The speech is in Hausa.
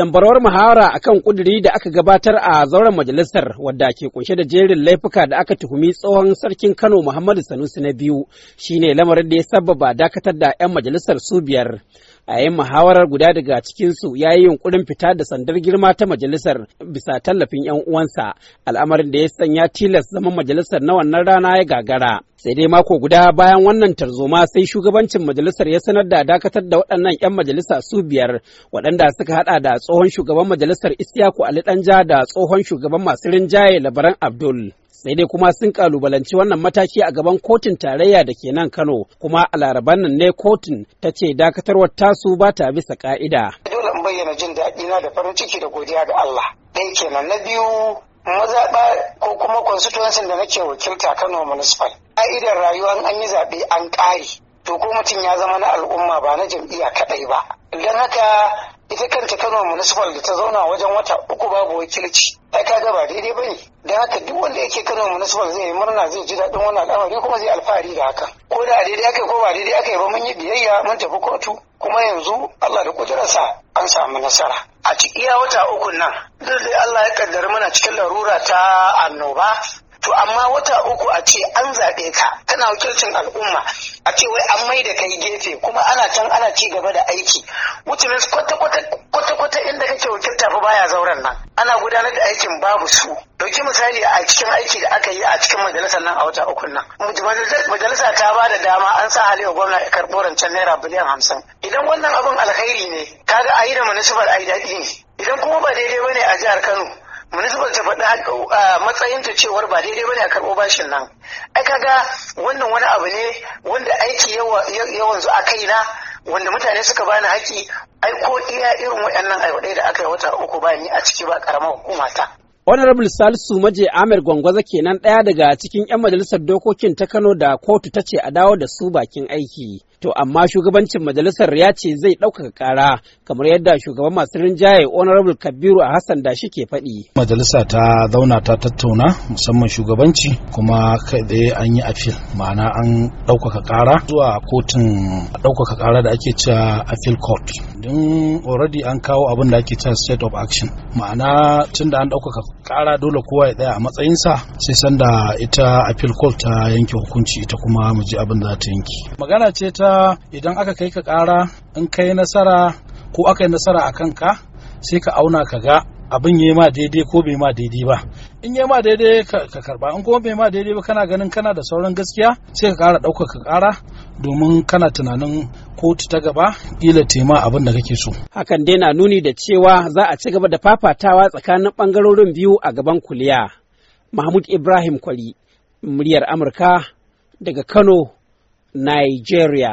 dambarwar muhawara akan kuduri da aka gabatar a zauren majalisar wadda ke kunshe da jerin laifuka da aka tuhumi tsohon sarkin Kano Muhammadu Sanusi na biyu shine lamarin da ya sababa dakatar da 'yan majalisar su biyar. A yin muhawarar guda daga cikinsu ya yi yunkurin fita da sandar girma ta majalisar bisa tallafin 'yan uwansa al'amarin da ya sanya tilas zaman majalisar na wannan rana ya gagara. sai dai mako guda bayan wannan tarzoma sai shugabancin majalisar ya sanar da dakatar da waɗannan 'yan majalisa su biyar waɗanda suka hada da tsohon shugaban majalisar isiyaku ali danja da tsohon shugaban masu rinjaye labaran abdul sai dai kuma sun kalubalanci wannan mataki a gaban kotun tarayya da ke nan kano kuma a laraban nan ne kotun ta ce dakatarwar tasu ba ta bisa ka'ida dole in bayyana jin daɗi na da farin ciki da godiya ga Allah ɗaya kenan na biyu mazaɓa ko kuma constituency da nake wakilta Kano municipal ka'idar rayuwa an yi zaɓe an ƙare to ko mutum ya zama na al'umma ba na jam'iyya kaɗai ba don haka ita kanta Kano municipal da ta zauna wajen wata uku babu wakilci ai ga ba daidai bane Don haka duk wanda yake Kano municipal zai yi murna zai ji daɗin wannan al'amari kuma zai alfahari da haka ko da daidai aka ko ba daidai aka ba mun yi biyayya mun tafi kotu kuma yanzu Allah da kudurarsa an samu nasara a ciki iya wata uku nan duk da Allah ya kaddara mana cikin larura ta annoba to amma wata uku a ce an zaɓe ka kana wakilcin al'umma a ce wai an mai da kai gefe kuma ana can ana ci gaba da aiki ana gudanar da aikin babu su dauki misali a cikin aiki da aka yi a cikin majalisar nan a wata uku nan majalisa ta ba da dama an sa hali wa gwamna ya karɓo rancen naira biliyan hamsin idan wannan abin alkhairi ne kaga a yi da municipal a yi daɗi ne idan kuma ba daidai ba ne a jihar kano municipal ta faɗi uh, matsayin ta cewar ba daidai bane a karɓo bashin nan ai ka ga wannan wani abu ne wanda aiki yawan zu a kaina wanda mutane suka bani haƙƙi ai ko iya irin waɗannan aiwadai da aka yi wata uku bayan yi a ciki ba karamar hukuma ta Honorable Salisu Maje Amir Gwangwaza kenan ɗaya daga cikin 'yan majalisar dokokin ta Kano da kotu ta ce a dawo da su bakin aiki. To amma shugabancin majalisar ya ce zai ɗaukaka kara kamar yadda shugaban masu rinjaye Honorable Kabiru a Hassan da shi ke faɗi. Majalisa ta zauna ta tattauna musamman shugabanci kuma kai an yi afil ma'ana an ɗaukaka ƙara zuwa kotun ɗaukaka ƙara da ake cewa afil court. Don already an kawo abin da ake cewa state of action ma'ana tun da an ɗaukaka kara dole kowa ya tsaya a matsayinsa sai sanda ita afil court ta yanke hukunci ita kuma mu ji abin da ta yanke. Magana ce ta idan aka kai ka kara in kai nasara ko aka yi nasara a kanka sai ka auna ka ga abin ya ma daidai ko bai ma daidai ba in yi ma daidai ka karba in kuma bai ma daidai ba kana ganin kana da sauran gaskiya sai ka kara ka kara domin kana tunanin kotu ta gaba ila tema abin da kake so hakan dai na nuni da cewa za a ci gaba da fafatawa tsakanin bangarorin biyu a gaban kuliya mahmud ibrahim kwari muryar amurka daga kano nigeria